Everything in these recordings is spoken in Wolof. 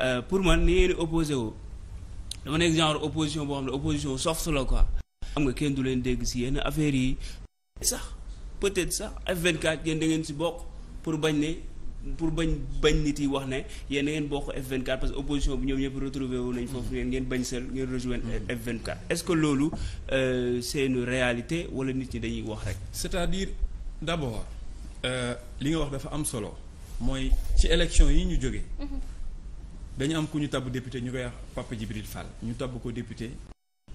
Euh, pour man ni ngeen di opposé woo dama nekk genre opposition boo xam ne opposition soft la quoi. xam nga kenn du leen dégg si yenn affaires yi sax peut-être sax F24 yéen da ngeen si bokk pour bañ ne pour bañ bañ nit yi wax ne yéen da ngeen bokk F24 parce que opposition bi ñoom ñëpp retrouvé wu nañ foofu ngeen ngeen bañ seul ngeen rejoindre mm-hmm. F24 est-ce que loolu euh, c'est réalité wala nit ñi dañuy wax rek. c'est-à-dire d'abord euh, li nga wax dafa am solo mooy ci élection yi ñu jógee. Mm-hmm. dañu am ku ñu tabb député ñu koy wax Papa Djibril Fall ñu tabb ko député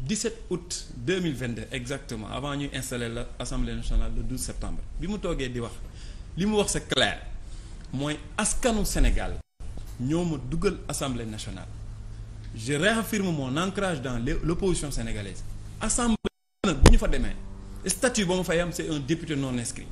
17 août 2022 exactement avant ñuy installé la assemblée nationale le 12 septembre bi mu toogee di wax li mu wax c'est clair mooy askanu Sénégal ñoo ma dugal assemblée nationale je réaffirme mon ancrage dans l'opposition sénégalaise assemblée na bu ñu fa demee statut ba ma fay am c'est un député non inscrit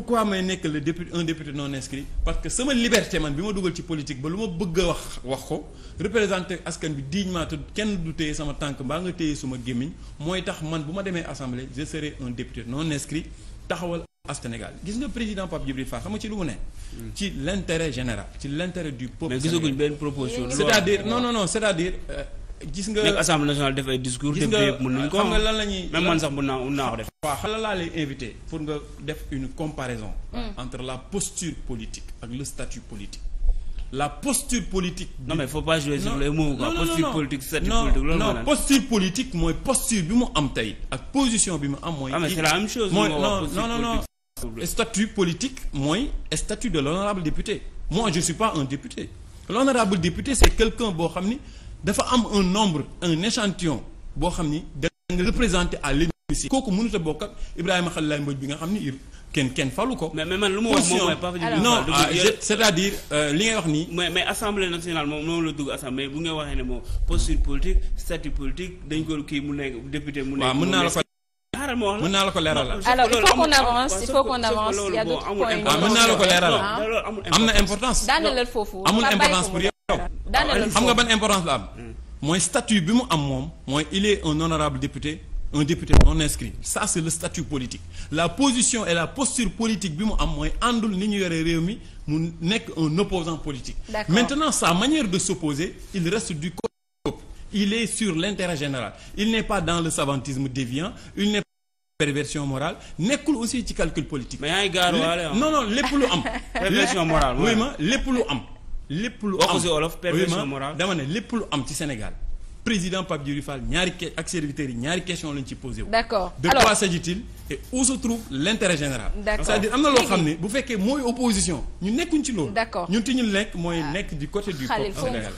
pourquoi may nekk le député un député non inscrit parce que sama liberté man bi ma dugal ci politique ba lu ma bëgg a wax wax ko représenter askan bi dignement te kenn du téye sama tànk mbaa nga téye suma gémmiñ mooy tax man bu ma demee assemblée je serai un député non inscrit taxawal as Sénégal gis nga président Pape Djibril Fall xam nga ci lu mu ne. Hmm. ci l' intérêt général. ci l' intérêt du peuple. mais gisaguñ benn proposition. c' à dire non non non à gis nga nekk assemblée nationale def ay discours. gis nga xam nga lan la ñuy même man sax mun naa mun naa ko def. waaw xam laa lay invité pour nga def une comparaison. Mm. entre la posture politique ak le statut politique. la posture politique. non mais faut pas jouer sur les mots quoi mooy posture bi mu am tey ak position bi mu am mooy. ah mais c'est statut politique mooy statut de l'honorable député. moi je suis pas un député l'honorable député c'est quelqu'un boo xam ni. dafa am un nombre un échantillon boo xam ni da nga représenté à l'hémicycle kooku mënut a bokk ak Ibrahima bi nga xam ni kenn kenn falu ko. mais mais man lu mu wax ah, euh, wax nii. mais mais assemblée nationale moom la dugg assemblée bu nga waxee ne moom posture politique mu nekk député mu nekk. naa la ko mën naa la ko leeralal. alors il faut qu'on a d'autres points. waaw mën naa la ko leeralal. am na importance. daanaka foofu amul importance pour yow. xam nga ban importance la am hmm. statut bi mu am moom mooy il est un honorable député un député non inscrit ça c'est le statut politique la position et la posture politique bi mu am mooy àndul ni ñu yore réew mi mu nekk un opposant politique maintenant sa manière de s'opposer il reste du côté il est sur l'intérêt général il n'est pas dans le savantisme déviant il n'est perversion morale nekkul aussi ci calcul politique mais yaa non non lépp lu am perversion ma lépp lu am lépp lu am si olof perversion morale dama lépp lu am ci Sénégal président Pape Djibril Fall ñaari ak serviteurs ñaari question lañ ci posé wu. d'accord de alors, quoi s'agit-il et où trouve l'intérêt général. d'accord am na loo xam ne bu fekkee mooy opposition ñu ñu ci loolu. d'accord ñun ti ñu nekk mooy ah. nekk du côté du peuple sénégalais.